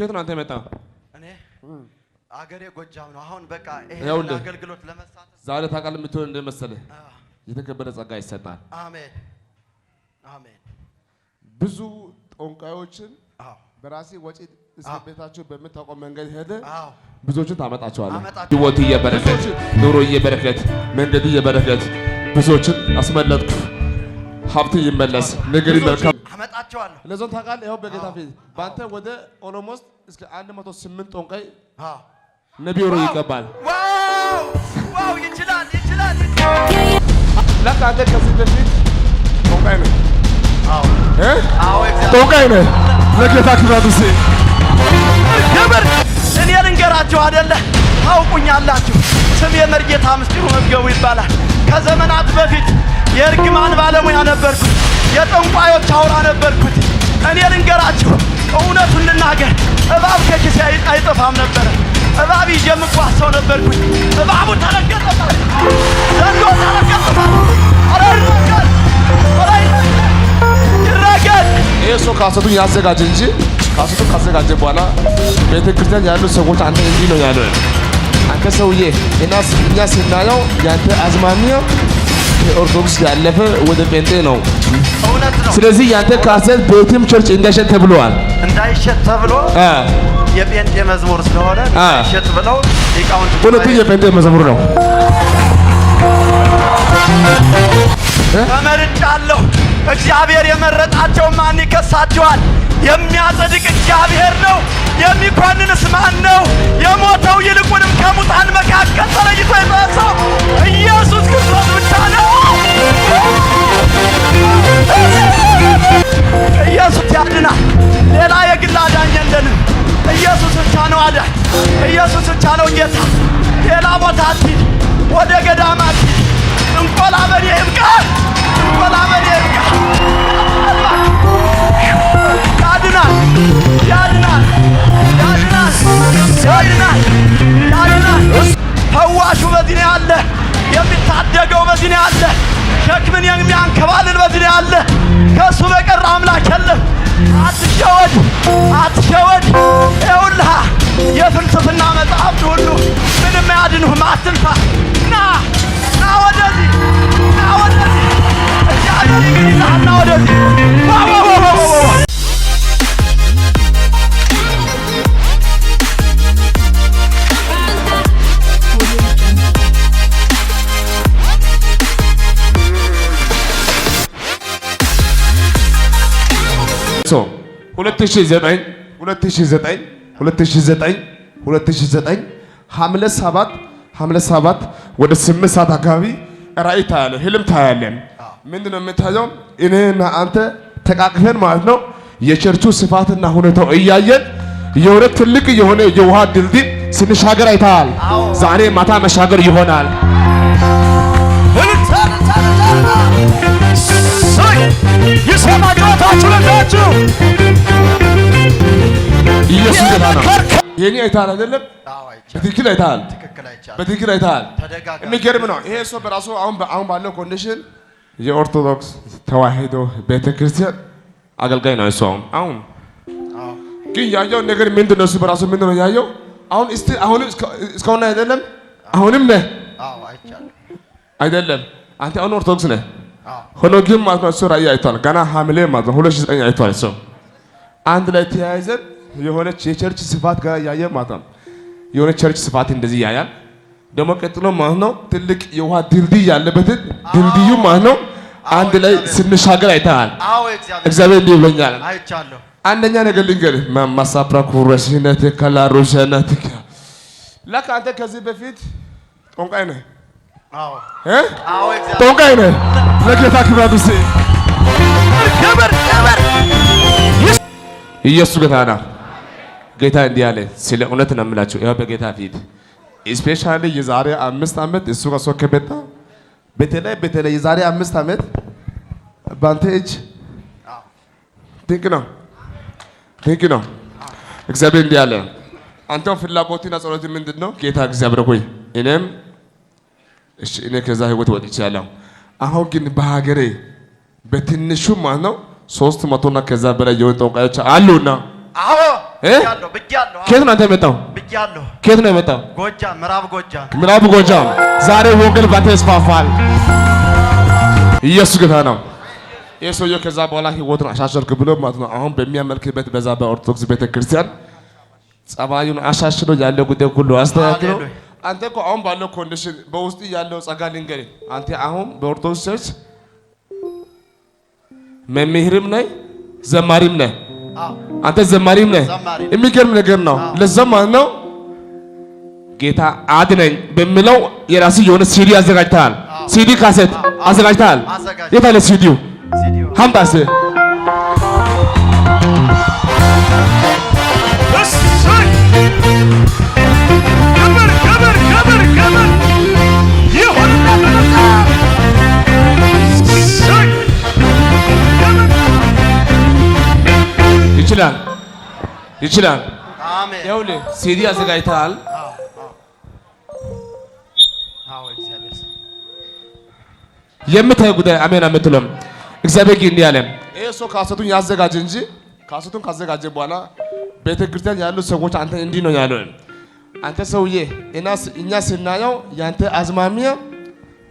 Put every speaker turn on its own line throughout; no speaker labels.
ከየት ነው አንተ የመጣው?
እኔ አገሬ ጎጃም ነው። አሁን በቃ ይሄን አገልግሎት ለመሳተፍ
ዛሬ ታውቃለህ የምትሆን እንደመሰለህ የተከበረ ጸጋ ይሰጣል።
አሜን አሜን።
ብዙ ጠንቋዮችን በራሴ ወጪ እስከ ቤታቸው በምታውቀው መንገድ ሄደ ብዙዎችን ታመጣቸዋለህ። ህይወት እየበረከት ኑሮ እየበረከት መንገድ እየበረከት ብዙዎችን አስመለጥኩ። ሀብት ይመለስ ነገር ይመልካል
አመጣቸዋለሁ
ለዞን ታውቃለህ። ይኸው በጌታ ፊት በአንተ ወደ ኦሎሞስት ውስጥ እስከ 108 ጦንቀይ ነቢ ይገባል። ለካ አንተ ከዚህ በፊት ጦንቃይ ነህ፣ ጦንቃይ ነህ። ለጌታ ክብራት ሴ
ክብር እኔ ልንገራችሁ አደለ ታውቁኛላችሁ። ስሜ መርጌታ ምስጢሩ መዝገቡ ይባላል። ከዘመናት በፊት የእርግማን ባለሙያ ነበርኩት። የጠንቋዮች አውራ ነበርኩት። እኔ ልንገራችሁ እውነቱን ልናገር፣ እባብ ከኪሴ አይጠፋም ነበረ። እባብ ይዤ የምጓዝ ሰው ነበርኩኝ። እባቡ ተረገጠባት፣ ዘንዶ ተረገጠባት።
ይህ ሰው ካሰቱን ያዘጋጀ እንጂ ካሰቱን ካዘጋጀ በኋላ ቤተ ክርስቲያን ያሉ ሰዎች አንተ እንዲህ ነው ያለ አንተ ሰውዬ እኛ ስናየው ያንተ አዝማሚያ ኦርቶዶክስ ያለፈ ወደ ጴንጤ ነው። ስለዚህ ያንተ ካሰት ቤትም ቸርች እንዳይሸጥ ተብሏል።
እንዳይሸጥ ተብሎ የጴንጤ መዝሙር ስለሆነ እንዳይሸጥ ብለው
ሊቃውንት ሁለቱ የጴንጤ መዝሙር ነው።
ተመርጫለሁ። እግዚአብሔር የመረጣቸው ማን ይከሳቸዋል? የሚያጸድቅ እግዚአብሔር ነው። የሚኳንንስ ማን ነው? የሞተው ይልቁንም ከሙታን መካከል ተለይቶ የተነሳው ኢየሱስ ክርስቶስ አለ። የሚታደገው በዚህ ነው ያለ ሸክምን የሚያንከባልል በዚህ ነው ያለ ከእሱ በቀር አምላክ የለም። አትሸወድ፣ አትሸወድ። ይኸውልህ የፍልስፍና መጽሐፍት ሁሉ ምንም አያድንህም። አትንፋ። ና ና ወደዚህ፣ ና ወደዚህ፣ እግዚአብሔር ይግሪዛና ወደዚህ
2009 2009 2009 2009 ወደ ሰዓት አካባቢ ራእይ ታያለ፣ ህልም ታያለ። ምንድን ነው የምታየው? እኔና አንተ ተቃቅፈን ማለት ነው የቸርቹ ስፋትና ሁኔታው እያየን የሆነ ትልቅ የሆነ የውሃ ድልድይ ስንሻገር አይተሃል። ዛሬ ማታ መሻገር ይሆናል።
እሰይ ይሰማ ጌታችሁ ለታችሁ
ኢየሱስ የኔ አይተሃል አይደለም? በትክክል አይተሃል። በትክክል አይተሃል። የሚገርም ነው ይሄ ሰው በራሱ አሁን ባለው ኮንዲሽን የኦርቶዶክስ ተዋሕዶ ቤተክርስቲያን አገልጋይ ነው። እሱ አሁን አሁን ግን ያየው ነገር ምንድን ነው? እሱ በራሱ ምንድን ነው ያየው? አሁን እስቲ አሁንም እስካሁን አይደለም፣ አሁንም ነህ አይደለም። አንተ አሁን ኦርቶዶክስ ነህ ሆኖ ግን ማለት ነው እሱ ራእይ አይቷል። ገና ሐምሌ ማለት ነው ሁለት አይቷል። ሰው አንድ ላይ ተያይዘን የሆነች የቸርች ስፋት ጋር እያየ ማለት ነው የሆነ ቸርች ስፋት እንደዚህ ያያል። ደግሞ ቀጥሎ ማለት ነው ትልቅ የውሃ ድልድይ ያለበትን ድልድዩ ማለት ነው አንድ ላይ ስንሻገር አይተሃል። እግዚአብሔር እንዲህ ብሎኛል። አንደኛ ነገር ልንገርህ ማሳፕራ ኩረሽነት ከላሩሸነት ለካ አንተ ከዚህ በፊት ጦንቃይ ነህ ጦንቃይ ነህ። ለጌታ ክብራት ውስ ኢየሱስ ጌታ ጌታ እንዲህ አለ። ስለ እውነት ነው የምላቸው። ያው በጌታ ፊት ስፔሻሊ የዛሬ አምስት ዓመት እሱ ከሶ ከመጣ በተለይ በተለይ የዛሬ አምስት ዓመት በአንተ እጅ ድንቅ ነው፣ ድንቅ ነው። እግዚአብሔር እንዲህ አለ። አንተም ፍላጎትና ጸሎት ምንድን ነው? ጌታ እግዚአብሔር ሆይ እኔም እሺ እኔ ከዛ ህይወት ወጥቻለሁ። አሁን ግን በሀገሬ በትንሹ ማለት ነው ሶስት መቶና ከዛ በላይ የሆኑ ጠንቋዮች አሉና ከየት ነው አንተ የመጣው? ከየት ነው የመጣው? ምዕራብ ጎጃም። ዛሬ ወንጌል ባንተ ይስፋፋል። ኢየሱስ ጌታ ነው። ይህ ሰውዬው ከዛ በኋላ ህይወቱን አሻሸርክ ብሎ ማለት ነው አሁን በሚያመልክበት በዛ በኦርቶዶክስ ቤተክርስቲያን ጸባዩን አሻሽሎ ያለ ጉዳይ ሁሉ አስተካክሎ አንተ እኮ አሁን ባለው ኮንዲሽን በውስጥ ያለው ጸጋ ልንገር። አንተ አሁን በኦርቶዶክስ ቸርች መምህርም ነህ፣ ዘማሪም ነህ። አንተ ዘማሪም ነህ። የሚገርም ነገር ነው። ለዛም ነው ጌታ አድነኝ በሚለው የራስ የሆነ ሲዲ አዘጋጅተሃል። ሲዲ ካሴት አዘጋጅተሃል። የት ሲዲው? ሲዲው? ይችላል ይችላል። ይኸውልህ ሲዲ አዘጋጅተሃል። የምታይ ጉዳይ አሜን የምትለም እግዚአብሔር ግን እንዲህ አለ። ይሄ ሰው ካሰቱን ያዘጋጀ እንጂ ካሰቱን ካዘጋጀ በኋላ ቤተ ክርስቲያን ያሉ ሰዎች አንተ እንዲህ ነው ያለው። አንተ ሰውዬ እኛ ስናየው ያንተ አዝማሚያ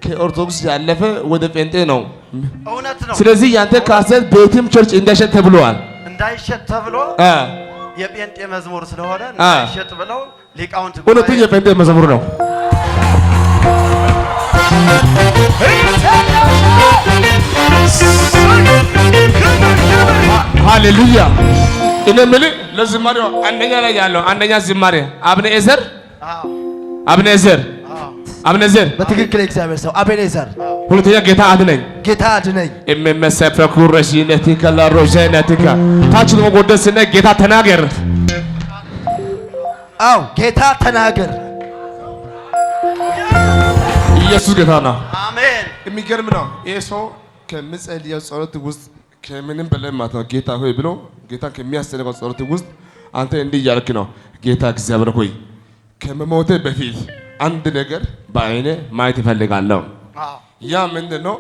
ከኦርቶዶክስ ያለፈ ወደ ጴንጤ ነው። ስለዚህ ያንተ ካሰት ቤትም ቸርች እንዳይሸጥ ተብለዋል።
እንዳይሸጥ ተብሎ የጴንጤ መዝሙር ስለሆነ እንዳይሸጥ ብለው
ሊቃውንት እውነቱ የጴንጤ መዝሙር ነው። ሃሌሉያ። እኔ የምልህ ለዝማሬው አንደኛ ላይ ያለው አንደኛ ዝማሬ አብነ ኤዘር አብነ ኤዘር አብነዘር
በትክክል እግዚአብሔር ሰው አቤኔዘር
ሁለተኛ ጌታ አድነኝ
ጌታ አድነኝ
ነቲካ ረሽነቲከ ነቲካ ታች ደሞ ጎደስ ስነ ጌታ ተናገር
አው ጌታ ተናገር
ኢየሱስ ጌታ ነው አሜን የሚገርም ነው ይሄ ሰው ከምጸልየው ጸሎት ውስጥ ከምንም በላይ ማለት ነው ጌታ ሆይ ብሎ ጌታ ከሚያስጨንቀው ጸሎት ውስጥ አንተ እንዲህ እያልክ ነው ጌታ እግዚአብሔር ሆይ ከመሞቴ በፊት አንድ ነገር በአይኔ ማየት ይፈልጋለሁ። ያ ምንድን ነው?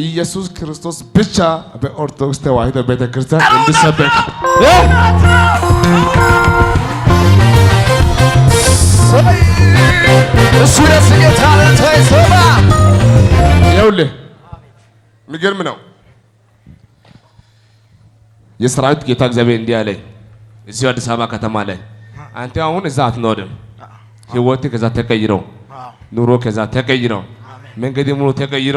ኢየሱስ ክርስቶስ ብቻ በኦርቶዶክስ ተዋሕዶ ቤተክርስቲያን እንድሰበክ እንዲሰበክ እሱ ይኸውልህ፣ የሚገርም ነው። የሰራዊት ጌታ እግዚአብሔር እንዲህ አለኝ፣ እዚሁ አዲስ አበባ ከተማ ላይ አንተ አሁን እዛ አትኖርም ህይወት ከዛ ተቀይሮ ኑሮ ከዛ ተቀይሮ መንገድ ሙሉ ተቀይሮ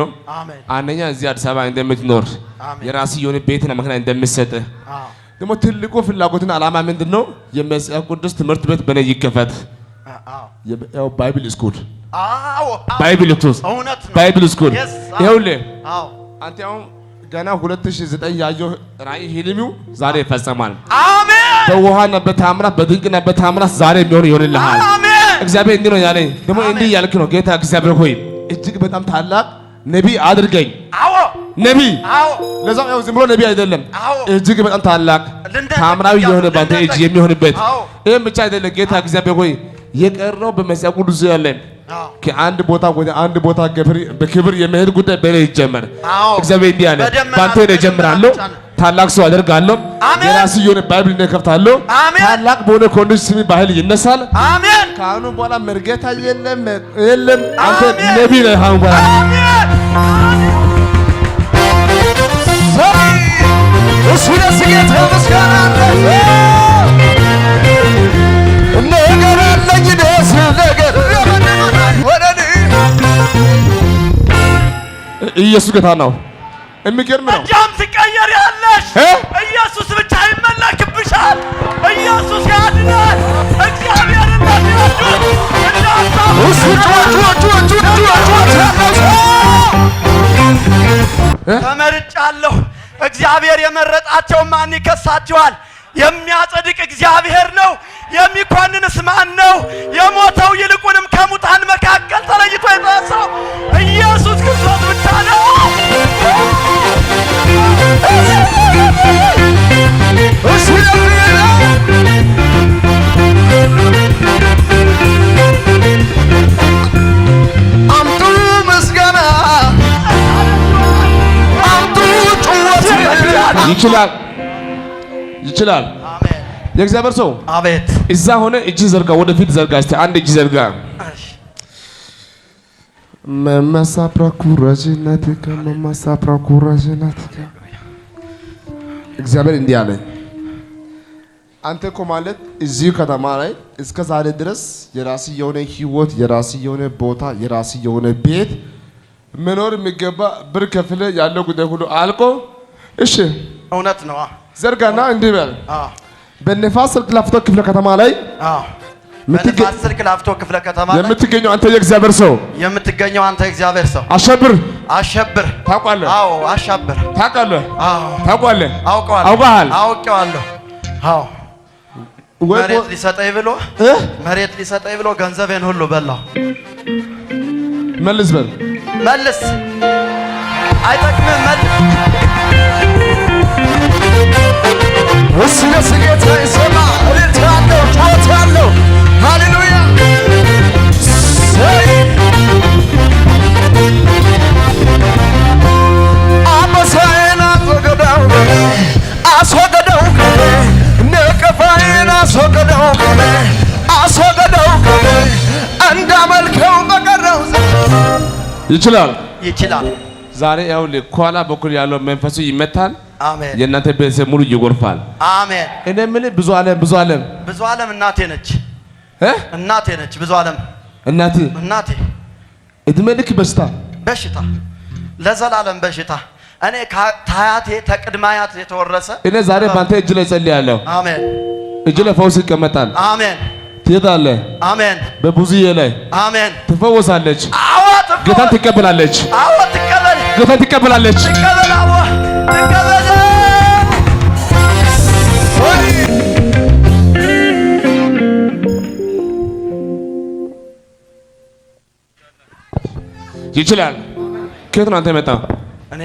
አንደኛ እዚህ አዲስ አበባ እንደምትኖር የራስ የሆነ ቤትና መኪና እንደምትሰጥህ ደግሞ ትልቁ ፍላጎትና አላማ ምንድን ነው? የመጽሐፍ ቅዱስ ትምህርት ቤት በነ ይከፈት። ባይብል ስኩል ባይብል ስኩል ባይብል ስኩል። ይኸውልህ አንተ አሁን ገና 2009 ያየው ራእይ ህልሚው ዛሬ ይፈጸማል። በውሃና በታምራት በድንቅና በታምራት ዛሬ የሚሆን ይሆንልሃል። እግዚአብሔር እንዲህ ነው ያለኝ። ደግሞ እንዲህ እያልክ ነው ጌታ እግዚአብሔር ሆይ እጅግ በጣም ታላቅ ነቢይ አድርገኝ። አዎ ነቢይ፣ አዎ ያው ዝም ብሎ ነቢይ አይደለም፣ እጅግ በጣም ታላቅ ታምራዊ የሆነ ባንተ እጅ የሚሆንበት ይህም ብቻ አይደለም። ጌታ እግዚአብሔር ሆይ የቀረው በመጽሐፍ ቅዱስ ያለ ከአንድ ቦታ ወደ አንድ ቦታ በክብር የመሄድ ጉዳይ በላይ ይጀመር። እግዚአብሔር እንዲህ አለ፣ ባንተ እጀምራለሁ ታላቅ ሰው አደርጋለሁ። የራስ የሆነ ባይብል እከፍታለሁ። ታላቅ በሆነ ኮንዲሽን ስሚ ባህል ይነሳል። አሜን። ከአሁኑ በኋላ መርጌታ የለም የለም። አንተ ነቢ ነህ። አሁን በኋላ
እሱ ደስ ጌታ ምስጋና ነገር
ኢየሱስ ጌታ ነው። የሚገርም ነው።
የመረጣቸው ማን ይከሳቸዋል? የሚያጸድቅ እግዚአብሔር ነው። የሚኮንንስ ማን ነው? የሞተው ይልቁንም ከሙታን መካከል ተለይቶ የተነሳው ኢየሱስ ክርስቶስ ብቻ ነው። እሱ
ይችላል፣ ይችላል። የእግዚአብሔር ሰው አቤት፣ እዛ ሆነ እጅ ዘርጋ፣ ወደፊት ዘርጋ። እስቲ አንድ እጅ ዘርጋ። መመሳ ፕራኩራሽነት ከመመሳ ፕራኩራሽነት እግዚአብሔር እንዲህ አለ። አንተ እኮ ማለት እዚሁ ከተማ ላይ እስከ ዛሬ ድረስ የራስ የሆነ ህይወት፣ የራስ የሆነ ቦታ፣ የራስ የሆነ ቤት መኖር የሚገባ ብር ከፍለ ያለው ጉዳይ ሁሉ አልቆ እሺ እውነት ነው። ዘርጋና እንዲህ በል በነፋስ ስልክ ላፍቶ ክፍለ ከተማ ላይ በነፋስ ስልክ ላፍቶ ክፍለ ከተማ የምትገኘው አንተ የእግዚአብሔር ሰው
የምትገኘው አንተ የእግዚአብሔር ሰው አሸብር አሸብር ታውቃለህ? አዎ አሸብር
ታውቃለህ? አዎ ታውቃለህ?
አውቀዋለሁ አውቀሃል?
አውቀዋለሁ አዎ
መሬት ሊሰጠኝ ብሎ መሬት ሊሰጠኝ ብሎ ገንዘቤን ሁሉ በላው። መልስ በል መልስ፣ አይጠቅምም መልስ ውስደስ ጌታ ይሰማ እልልታለሁ፣ ጮታለሁ። ሃሌሉያ አበሳዬን አስወገደው አስወገደው ነቀፋዬን ይችላል ይችላል
ዛሬ ያው ከኋላ በኩል ያለው መንፈሱ ይመታል። አሜን። የእናንተ ቤተሰብ ሙሉ ይጎርፋል። አሜን። እኔ ምን ብዙ ዓለም ብዙ ዓለም
ብዙ ዓለም እናቴ ነች እናቴ ነች ብዙ ዓለም እናቴ እናቴ
እድሜ ልክ በሽታ
በሽታ ለዘላለም በሽታ እኔ ከአያቴ ተቅድማያት የተወረሰ
እኔ ዛሬ ባንተ እጅ ላይ ጸልያለሁ። አሜን። እጅ ላይ ፈውስ ይቀመጣል። አሜን። ትሄዳለህ። አሜን። በብዙዬ ላይ አሜን። ትፈወሳለች። አዎ፣ ጌታን ትቀበላለች። አዎ ገፈት ትቀበላለች። ይችላል። ከየት ነው አንተ የመጣው? እኔ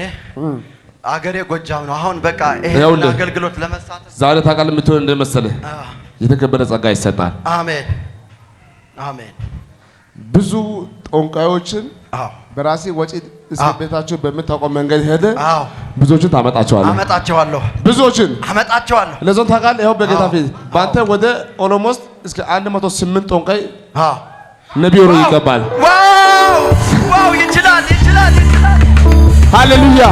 አገሬ ጎጃም ነው። አሁን በቃ ይሄን አገልግሎት ለመሳተፍ
ዛሬ ታውቃለህ የምትሆን እንደመሰለህ የተከበረ ጸጋ ይሰጣል።
አሜን አሜን።
ብዙ ጠንቋዮችን በራሴ ወጪ እስከ ቤታቸው በምታውቀው መንገድ ሄደ። ብዙዎችን ታመጣቸዋለህ።
አመጣቸዋለሁ። ብዙዎችን አመጣቸዋለሁ።
ለዞን ታውቃለህ። ይኸው በጌታ ፊት በአንተ ወደ ኦሎሞስት እስከ 108 ጦንቃይ ነቢይ ሆኖ ይገባል።
ዋው! ይችላል፣ ይችላል፣ ይችላል።
ሃሌሉያ።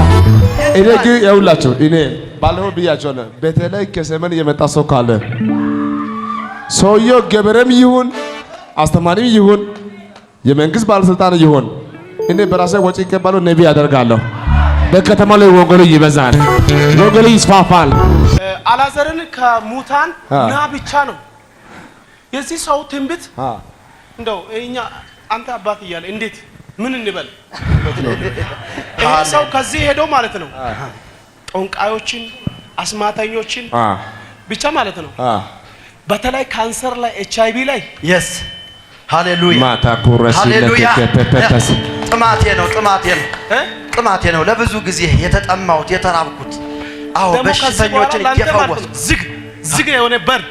እኔ ግን ይኸውላችሁ እኔ ባለፈው ብያቸዋለሁ። በተለይ ከሰመን የመጣ ሰው ካለ ሰውየው ገበረም ይሁን አስተማሪም ይሁን የመንግስት ባለስልጣን ይሁን እኔ በራሴ ወጪ ይቀበለው ነቢ ያደርጋለሁ። በከተማ ላይ ወንጌሉ ይበዛል፣ ወንጌሉ ይስፋፋል።
አላዘርን ከሙታን ና ብቻ ነው የዚህ ሰው ትንቢት። እንደው እኛ አንተ አባት እያለ እንዴት ምን እንበል? ሰው ከዚህ ሄዶ ማለት ነው ጦንቃዮችን፣ አስማተኞችን ብቻ ማለት ነው በተለይ ካንሰር ላይ ኤች አይ ቪ ላይ
የስ ሃሌሉያ ማታ ኩረሲ ለተከተተስ
ጥማቴ ነው ጥማቴ ነው ጥማቴ ነው። ለብዙ ጊዜ የተጠማሁት የተራብኩት። አዎ በሽተኞችን እየፈወስ ዝግ ዝግ የሆነ በር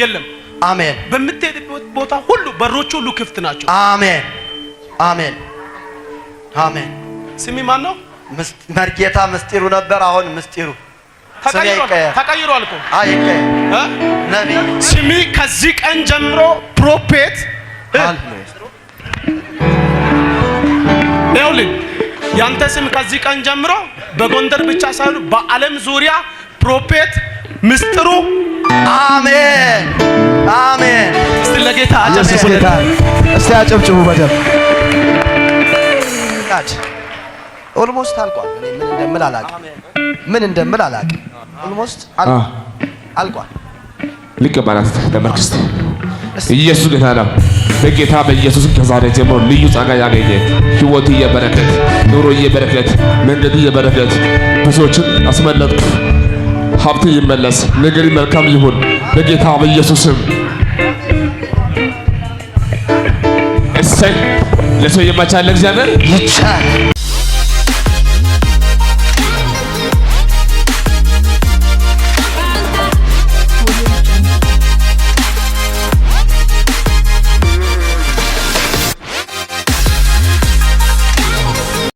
የለም። አሜን። በምትሄድበት ቦታ ሁሉ በሮች ሁሉ ክፍት ናቸው።
አሜን አሜን አሜን። ስሚ ማን ነው? መርጌታ ምስጢሩ ነበር። አሁን ምስጢሩ
ተቀይሯል እኮ ስሚ። ከዚህ ቀን ጀምሮ ፕሮፌት ፕሮፔት ይኸውልን ያንተ ስም ከዚህ ቀን ጀምሮ በጎንደር ብቻ ሳይሆን በዓለም ዙሪያ ፕሮፌት ምስጢሩ
አሜን አሜን። እስቲ ለጌታ አጨብጭቡ፣ እስቲ አጨብጭቡ በደምብ
ኦልሞስት አልቋል። እኔ ምን እንደምል አላውቅም፣ ምን እንደምል አላውቅም። ኦልሞስት አልቋል።
ልቀበላት ተመርክስት ኢየሱስ ጌታ ነው። በጌታ በኢየሱስ ከዛሬ ጀምሮ ልዩ ጸጋ ያገኘ ህይወት የበረከት ኑሮ የበረከት መንገድ የበረከት ብዙዎችን አስመለጥኩ። ሀብት ይመለስ፣ ነገር መልካም ይሁን በጌታ በኢየሱስም። እሰይ ለሰው የማይቻል እግዚአብሔር ይቻላል።